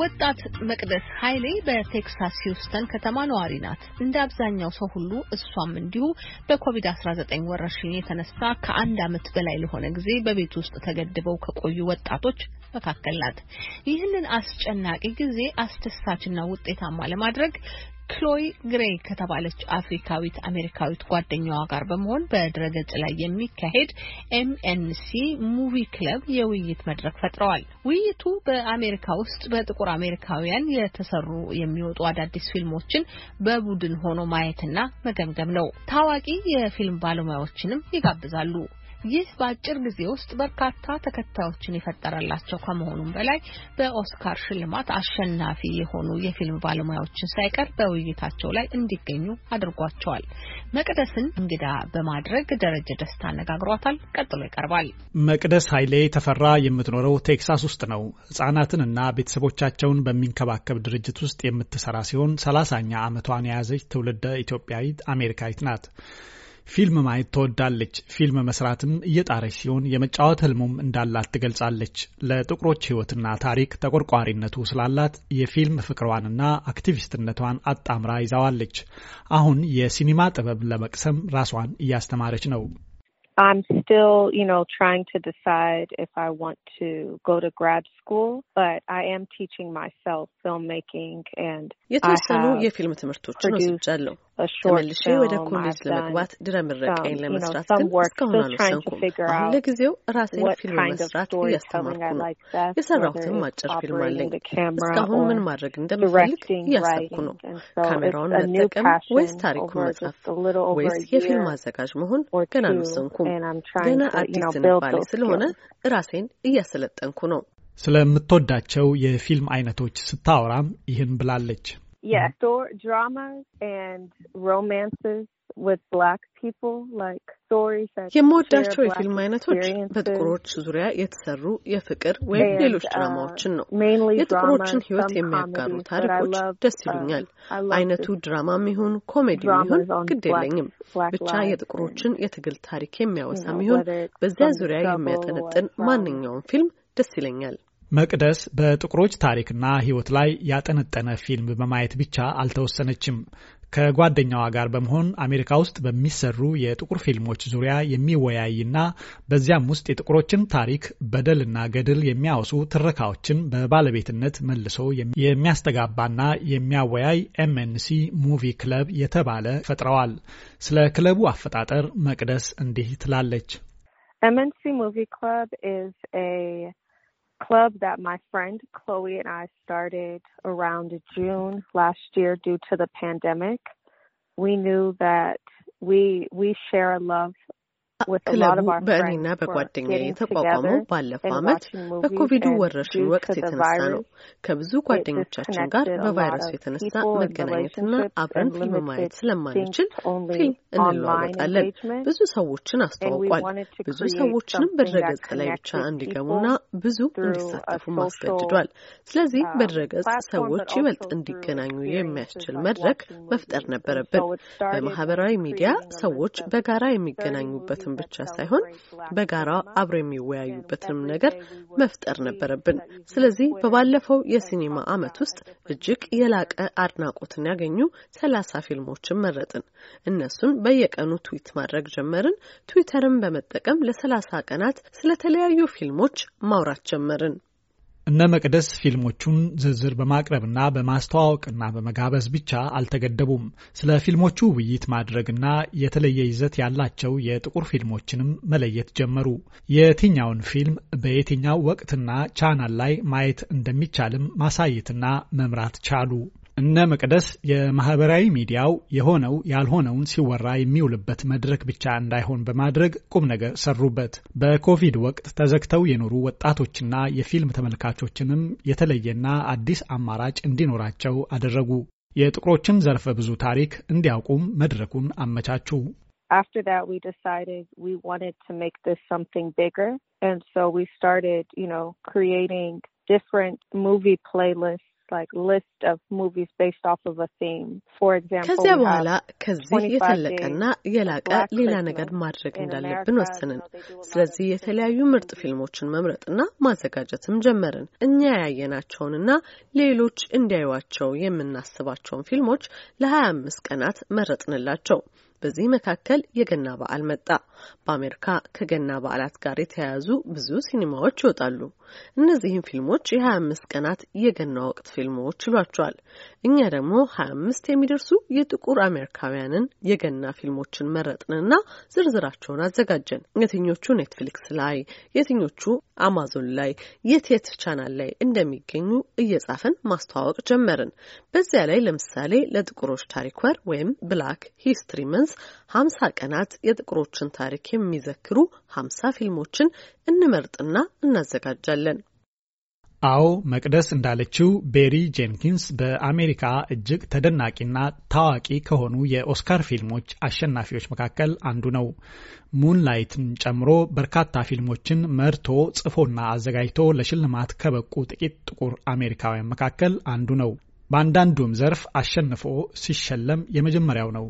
ወጣት መቅደስ ኃይሌ በቴክሳስ ሂውስተን ከተማ ነዋሪ ናት። እንደ አብዛኛው ሰው ሁሉ እሷም እንዲሁ በኮቪድ-19 ወረርሽኝ የተነሳ ከአንድ ዓመት በላይ ለሆነ ጊዜ በቤት ውስጥ ተገድበው ከቆዩ ወጣቶች መካከል ናት። ይህንን አስጨናቂ ጊዜ አስደሳችና ውጤታማ ለማድረግ ክሎይ ግሬይ ከተባለች አፍሪካዊት አሜሪካዊት ጓደኛዋ ጋር በመሆን በድረገጽ ላይ የሚካሄድ ኤምኤንሲ ሙቪ ክለብ የውይይት መድረክ ፈጥረዋል። ውይይቱ በአሜሪካ ውስጥ በጥቁር አሜሪካውያን የተሰሩ የሚወጡ አዳዲስ ፊልሞችን በቡድን ሆኖ ማየትና መገምገም ነው። ታዋቂ የፊልም ባለሙያዎችንም ይጋብዛሉ። ይህ በአጭር ጊዜ ውስጥ በርካታ ተከታዮችን የፈጠረላቸው ከመሆኑም በላይ በኦስካር ሽልማት አሸናፊ የሆኑ የፊልም ባለሙያዎችን ሳይቀር በውይይታቸው ላይ እንዲገኙ አድርጓቸዋል። መቅደስን እንግዳ በማድረግ ደረጀ ደስታ አነጋግሯታል። ቀጥሎ ይቀርባል። መቅደስ ኃይሌ ተፈራ የምትኖረው ቴክሳስ ውስጥ ነው። ህጻናትንና ቤተሰቦቻቸውን በሚንከባከብ ድርጅት ውስጥ የምትሰራ ሲሆን ሰላሳኛ ዓመቷን የያዘች ትውልደ ኢትዮጵያዊት አሜሪካዊት ናት። ፊልም ማየት ትወዳለች። ፊልም መስራትም እየጣረች ሲሆን የመጫወት ህልሙም እንዳላት ትገልጻለች። ለጥቁሮች ህይወትና ታሪክ ተቆርቋሪነቱ ስላላት የፊልም ፍቅሯንና አክቲቪስትነቷን አጣምራ ይዛዋለች። አሁን የሲኒማ ጥበብ ለመቅሰም ራሷን እያስተማረች ነው። I'm still, you know, trying to decide if I want to go to grad school, but I am teaching myself filmmaking and የተወሰኑ የፊልም ትምህርቶችን ወስጃለሁ። ተመልሼ ወደ ኮሌጅ ለመግባት ድረ ምረቃዬን ለመስራት ግን እስካሁን አልወሰንኩም። አሁን ለጊዜው ራሴን ፊልም መስራት እያስተማርኩ ነው። የሰራሁትም አጭር ፊልም አለኝ። እስካሁን ምን ማድረግ እንደምፈልግ እያሰብኩ ነው። ካሜራውን መጠቀም ወይስ ታሪኩን መጻፍ ወይስ የፊልም አዘጋጅ መሆን ገና አልወሰንኩም። አላወቅኩም። ገና አዲስ ዝንባሌ ስለሆነ ራሴን እያሰለጠንኩ ነው። ስለምትወዳቸው የፊልም አይነቶች ስታወራም ይህን ብላለች። Yeah, so የምወዳቸው የፊልም አይነቶች በጥቁሮች ዙሪያ የተሰሩ የፍቅር ወይም ሌሎች ድራማዎችን ነው። የጥቁሮችን ሕይወት የሚያጋሩ ታሪኮች ደስ ይሉኛል። አይነቱ ድራማም ይሁን ኮሜዲ ይሁን ግድ የለኝም። ብቻ የጥቁሮችን የትግል ታሪክ የሚያወሳም ይሁን በዚያ ዙሪያ የሚያጠነጥን ማንኛውም ፊልም ደስ ይለኛል። መቅደስ በጥቁሮች ታሪክና ሕይወት ላይ ያጠነጠነ ፊልም በማየት ብቻ አልተወሰነችም። ከጓደኛዋ ጋር በመሆን አሜሪካ ውስጥ በሚሰሩ የጥቁር ፊልሞች ዙሪያ የሚወያይና በዚያም ውስጥ የጥቁሮችን ታሪክ በደልና ገድል የሚያወሱ ትረካዎችን በባለቤትነት መልሶ የሚያስተጋባና የሚያወያይ ኤምኤንሲ ሙቪ ክለብ የተባለ ፈጥረዋል። ስለ ክለቡ አፈጣጠር መቅደስ እንዲህ ትላለች። MNC club that my friend Chloe and I started around June last year due to the pandemic. We knew that we we share a love ክለቡ በእኔና በጓደኛ የተቋቋመው ባለፈው ዓመት በኮቪዱ ወረርሽኝ ወቅት የተነሳ ነው። ከብዙ ጓደኞቻችን ጋር በቫይረሱ የተነሳ መገናኘትና አብረን ፊልም ማየት ስለማንችል ፊልም እንለዋወጣለን። ብዙ ሰዎችን አስተዋውቋል። ብዙ ሰዎችንም በድረገጽ ላይ ብቻ እንዲገቡና ብዙ እንዲሳተፉ ማስገድዷል። ስለዚህ um, በድረገጽ ሰዎች ይበልጥ እንዲገናኙ የሚያስችል መድረክ መፍጠር ነበረብን። በማህበራዊ ሚዲያ ሰዎች በጋራ የሚገናኙበትን መፍታቱን ብቻ ሳይሆን በጋራ አብረው የሚወያዩበትንም ነገር መፍጠር ነበረብን። ስለዚህ በባለፈው የሲኒማ ዓመት ውስጥ እጅግ የላቀ አድናቆትን ያገኙ ሰላሳ ፊልሞችን መረጥን። እነሱን በየቀኑ ትዊት ማድረግ ጀመርን። ትዊተርን በመጠቀም ለሰላሳ ቀናት ስለተለያዩ ፊልሞች ማውራት ጀመርን። እነ መቅደስ ፊልሞቹን ዝርዝር በማቅረብና በማስተዋወቅና በመጋበዝ ብቻ አልተገደቡም። ስለ ፊልሞቹ ውይይት ማድረግና የተለየ ይዘት ያላቸው የጥቁር ፊልሞችንም መለየት ጀመሩ። የትኛውን ፊልም በየትኛው ወቅትና ቻናል ላይ ማየት እንደሚቻልም ማሳየትና መምራት ቻሉ። እነ መቅደስ የማህበራዊ ሚዲያው የሆነው ያልሆነውን ሲወራ የሚውልበት መድረክ ብቻ እንዳይሆን በማድረግ ቁም ነገር ሰሩበት። በኮቪድ ወቅት ተዘግተው የኖሩ ወጣቶችና የፊልም ተመልካቾችንም የተለየና አዲስ አማራጭ እንዲኖራቸው አደረጉ። የጥቁሮችን ዘርፈ ብዙ ታሪክ እንዲያውቁም መድረኩን አመቻቹ። after that we decided we wanted to make this something bigger and so we started you know creating different movie playlists ከዚያ በኋላ ከዚህ የተለቀና የላቀ ሌላ ነገር ማድረግ እንዳለብን ወስንን። ስለዚህ የተለያዩ ምርጥ ፊልሞችን መምረጥና ማዘጋጀትም ጀመርን። እኛ ያየናቸውንና ሌሎች እንዲያዩቸው የምናስባቸውን ፊልሞች ለሀያ አምስት ቀናት መረጥንላቸው። በዚህ መካከል የገና በዓል መጣ። በአሜሪካ ከገና በዓላት ጋር የተያያዙ ብዙ ሲኒማዎች ይወጣሉ። እነዚህም ፊልሞች የሀያ አምስት ቀናት የገና ወቅት ፊልሞች ይሏቸዋል። እኛ ደግሞ ሀያ አምስት የሚደርሱ የጥቁር አሜሪካውያንን የገና ፊልሞችን መረጥንና ዝርዝራቸውን አዘጋጀን። የትኞቹ ኔትፍሊክስ ላይ፣ የትኞቹ አማዞን ላይ፣ የት የት ቻናል ላይ እንደሚገኙ እየጻፍን ማስተዋወቅ ጀመርን። በዚያ ላይ ለምሳሌ ለጥቁሮች ታሪክ ወር ወይም ብላክ ሂስትሪ መንዝ ቢያንስ ሀምሳ ቀናት የጥቁሮችን ታሪክ የሚዘክሩ ሀምሳ ፊልሞችን እንመርጥና እናዘጋጃለን። አዎ መቅደስ እንዳለችው ቤሪ ጄንኪንስ በአሜሪካ እጅግ ተደናቂና ታዋቂ ከሆኑ የኦስካር ፊልሞች አሸናፊዎች መካከል አንዱ ነው። ሙንላይትን ጨምሮ በርካታ ፊልሞችን መርቶ ጽፎና አዘጋጅቶ ለሽልማት ከበቁ ጥቂት ጥቁር አሜሪካውያን መካከል አንዱ ነው። በአንዳንዱም ዘርፍ አሸንፎ ሲሸለም የመጀመሪያው ነው።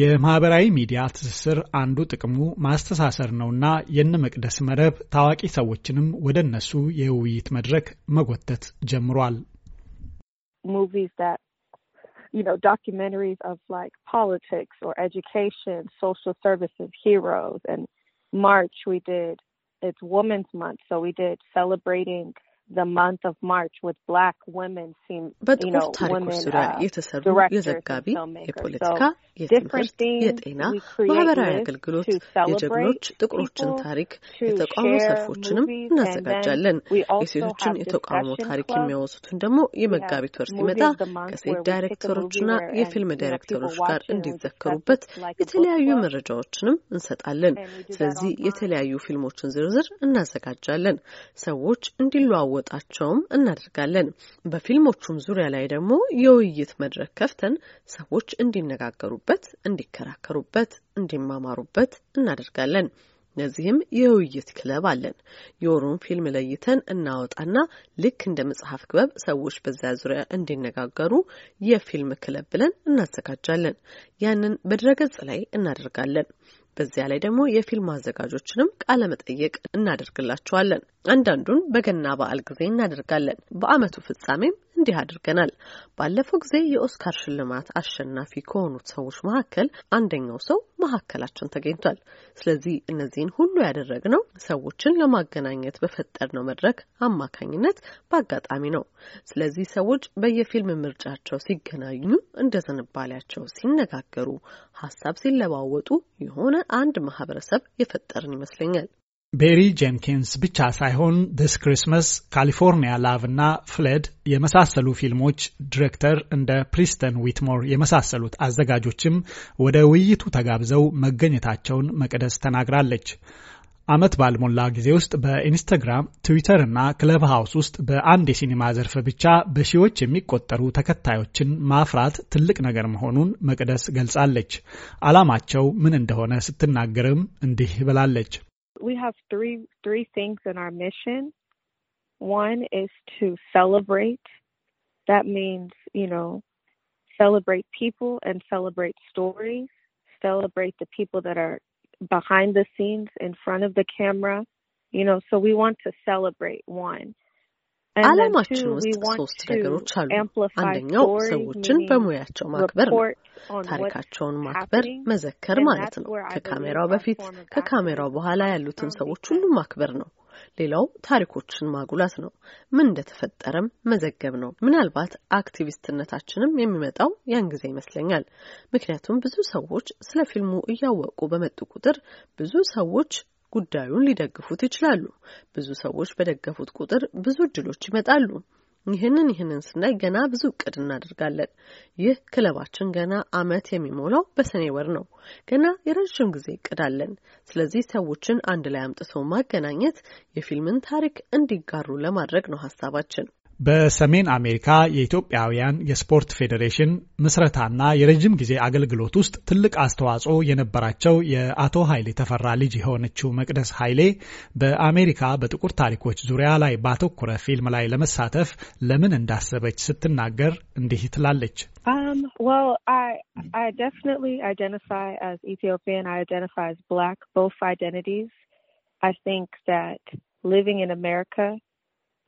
የማህበራዊ ሚዲያ ትስስር አንዱ ጥቅሙ ማስተሳሰር ነውና የነ መቅደስ መረብ ታዋቂ ሰዎችንም ወደ እነሱ የውይይት መድረክ መጎተት ጀምሯል። ማርች በጥቁር ታሪኮች ዙሪያ የተሰሩ የዘጋቢ፣ የፖለቲካ፣ የትምህርት፣ የጤና፣ ማህበራዊ አገልግሎት፣ የጀግኖች ጥቁሮችን ታሪክ፣ የተቃውሞ ሰልፎችንም እናዘጋጃለን። የሴቶችን የተቃውሞ ታሪክ የሚያወሱትን ደግሞ የመጋቢት ወር ሲመጣ ከሴት ዳይሬክተሮችና የፊልም ዳይሬክተሮች ጋር እንዲዘከሩበት የተለያዩ መረጃዎችንም እንሰጣለን። ስለዚህ የተለያዩ ፊልሞችን ዝርዝር እናዘጋጃለን። ሰዎች እንዲለዋወ እንዲለዋወጣቸውም እናደርጋለን። በፊልሞቹም ዙሪያ ላይ ደግሞ የውይይት መድረክ ከፍተን ሰዎች እንዲነጋገሩበት፣ እንዲከራከሩበት፣ እንዲማማሩበት እናደርጋለን። ለዚህም የውይይት ክለብ አለን። የወሩን ፊልም ለይተን እናወጣና ልክ እንደ መጽሐፍ ክበብ ሰዎች በዚያ ዙሪያ እንዲነጋገሩ የፊልም ክለብ ብለን እናዘጋጃለን። ያንን በድረገጽ ላይ እናደርጋለን። በዚያ ላይ ደግሞ የፊልም አዘጋጆችንም ቃለ መጠየቅ እናደርግላቸዋለን። አንዳንዱን በገና በዓል ጊዜ እናደርጋለን። በዓመቱ ፍጻሜም እንዲህ አድርገናል። ባለፈው ጊዜ የኦስካር ሽልማት አሸናፊ ከሆኑት ሰዎች መካከል አንደኛው ሰው መካከላችን ተገኝቷል። ስለዚህ እነዚህን ሁሉ ያደረግነው ሰዎችን ለማገናኘት በፈጠርነው መድረክ አማካኝነት በአጋጣሚ ነው። ስለዚህ ሰዎች በየፊልም ምርጫቸው ሲገናኙ እንደ ዝንባሌያቸው ሲነጋገሩ፣ ሀሳብ ሲለዋወጡ የሆነ አንድ ማህበረሰብ የፈጠርን ይመስለኛል። ቤሪ ጄንኪንስ ብቻ ሳይሆን ዲስ ክሪስመስ፣ ካሊፎርኒያ ላቭ እና ፍሌድ የመሳሰሉ ፊልሞች ዲሬክተር እንደ ፕሪስተን ዊትሞር የመሳሰሉት አዘጋጆችም ወደ ውይይቱ ተጋብዘው መገኘታቸውን መቅደስ ተናግራለች። ዓመት ባልሞላ ጊዜ ውስጥ በኢንስተግራም፣ ትዊተር እና ክለብ ሃውስ ውስጥ በአንድ የሲኒማ ዘርፍ ብቻ በሺዎች የሚቆጠሩ ተከታዮችን ማፍራት ትልቅ ነገር መሆኑን መቅደስ ገልጻለች። ዓላማቸው ምን እንደሆነ ስትናገርም እንዲህ ብላለች። we have three three things in our mission. One is to celebrate. That means, you know, celebrate people and celebrate stories, celebrate the people that are behind the scenes in front of the camera. You know, so we want to celebrate one. ዓላማችን ውስጥ ሶስት ነገሮች አሉ። አንደኛው ሰዎችን በሙያቸው ማክበር ነው። ታሪካቸውን ማክበር መዘከር ማለት ነው። ከካሜራው በፊት ከካሜራው በኋላ ያሉትን ሰዎች ሁሉ ማክበር ነው። ሌላው ታሪኮችን ማጉላት ነው። ምን እንደተፈጠረም መዘገብ ነው። ምናልባት አክቲቪስትነታችንም የሚመጣው ያን ጊዜ ይመስለኛል። ምክንያቱም ብዙ ሰዎች ስለ ፊልሙ እያወቁ በመጡ ቁጥር ብዙ ሰዎች ጉዳዩን ሊደግፉት ይችላሉ። ብዙ ሰዎች በደገፉት ቁጥር ብዙ እድሎች ይመጣሉ። ይህንን ይህንን ስናይ ገና ብዙ እቅድ እናደርጋለን። ይህ ክለባችን ገና አመት የሚሞላው በሰኔ ወር ነው። ገና የረዥም ጊዜ እቅድ አለን። ስለዚህ ሰዎችን አንድ ላይ አምጥቶ ማገናኘት የፊልምን ታሪክ እንዲጋሩ ለማድረግ ነው ሀሳባችን። በሰሜን አሜሪካ የኢትዮጵያውያን የስፖርት ፌዴሬሽን ምስረታና የረዥም ጊዜ አገልግሎት ውስጥ ትልቅ አስተዋጽኦ የነበራቸው የአቶ ኃይሌ ተፈራ ልጅ የሆነችው መቅደስ ኃይሌ በአሜሪካ በጥቁር ታሪኮች ዙሪያ ላይ ባተኮረ ፊልም ላይ ለመሳተፍ ለምን እንዳሰበች ስትናገር እንዲህ ትላለች።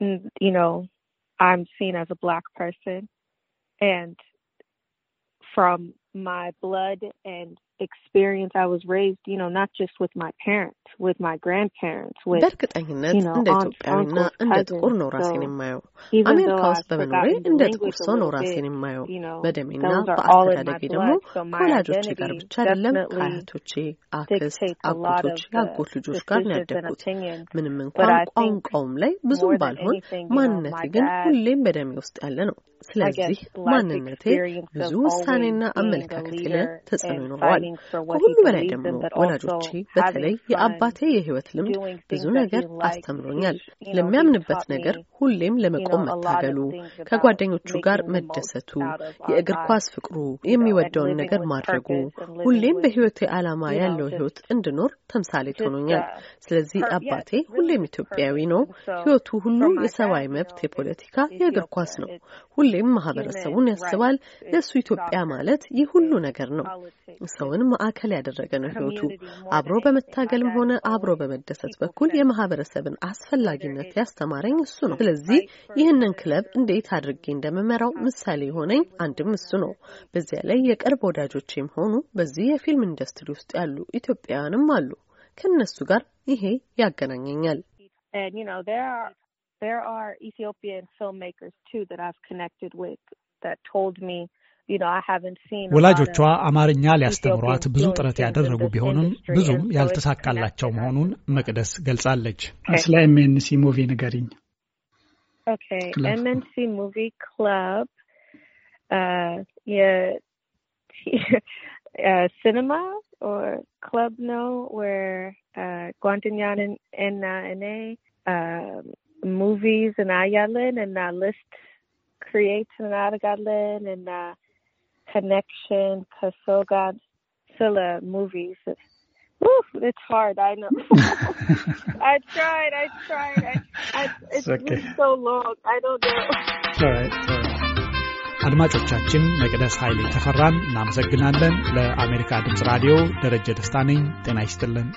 um, you know I'm seen as a black person and from my blood and experience I was raised, you know, not just with my parents, with my grandparents, with በእርግጠኝነት እንደ ኢትዮጵያዊና እንደ ጥቁር ነው ራሴን የማየው። አሜሪካ ውስጥ በመኖሬ እንደ ጥቁር ሰው ነው ራሴን የማየው። በደሜና በአስተዳደጌ ደግሞ ከወላጆቼ ጋር ብቻ አይደለም ከአያቶቼ፣ አክስት፣ አጎቶች፣ uh, የአጎት ልጆች ጋር ነው ያደግኩት። ምንም እንኳን ቋንቋውም ላይ ብዙም ባልሆን፣ ማንነቴ ግን ሁሌም በደሜ ውስጥ ያለ ነው። ስለዚህ ማንነቴ ብዙ ውሳኔና አመለካከቴ ላይ ተጽዕኖ ይኖረዋል። ከሁሉ በላይ ደግሞ ወላጆቼ፣ በተለይ የአባቴ የህይወት ልምድ ብዙ ነገር አስተምሮኛል። ለሚያምንበት ነገር ሁሌም ለመቆም መታገሉ፣ ከጓደኞቹ ጋር መደሰቱ፣ የእግር ኳስ ፍቅሩ፣ የሚወደውን ነገር ማድረጉ፣ ሁሌም በህይወቴ ዓላማ ያለው ህይወት እንድኖር ተምሳሌት ሆኖኛል። uh, ስለዚህ አባቴ ሁሌም ኢትዮጵያዊ ነው። ህይወቱ ሁሉ የሰብአዊ መብት፣ የፖለቲካ፣ የእግር ኳስ ነው። ሁሌም ማህበረሰቡን ያስባል። ለእሱ ኢትዮጵያ ማለት ይህ ሁሉ ነገር ነው። ሰው ማከናወን ማዕከል ያደረገ ነው ህይወቱ። አብሮ በመታገልም ሆነ አብሮ በመደሰት በኩል የማህበረሰብን አስፈላጊነት ያስተማረኝ እሱ ነው። ስለዚህ ይህንን ክለብ እንዴት አድርጌ እንደምመራው ምሳሌ የሆነኝ አንድም እሱ ነው። በዚያ ላይ የቅርብ ወዳጆቼም ሆኑ በዚህ የፊልም ኢንዱስትሪ ውስጥ ያሉ ኢትዮጵያውያንም አሉ። ከእነሱ ጋር ይሄ ያገናኘኛል። There are Ethiopian filmmakers too that I've connected with that told me ወላጆቿ አማርኛ ሊያስተምሯት ብዙ ጥረት ያደረጉ ቢሆንም ብዙም ያልተሳካላቸው መሆኑን መቅደስ ገልጻለች። ስለ ኤምኤንሲ ሙቪ ንገሪኝ። ኤምኤንሲ ሙቪ ክለብ ሲኒማ ክለብ ነው። ጓደኛዬን እና እኔ ሙቪዝ እናያለን እና ሊስት ክሪኤት እናደርጋለን እና Connection, Kasogan, Silla movies. Woo, it's hard. I know. I tried. I tried. I, I, it's okay. been so long. I don't know. Sorry. አድማጮቻችን መቅደስ ኃይሌ ተፈራን እናመሰግናለን። ለአሜሪካ ድምፅ ራዲዮ ደረጀ ደስታ ነኝ። ጤና ይስጥልን።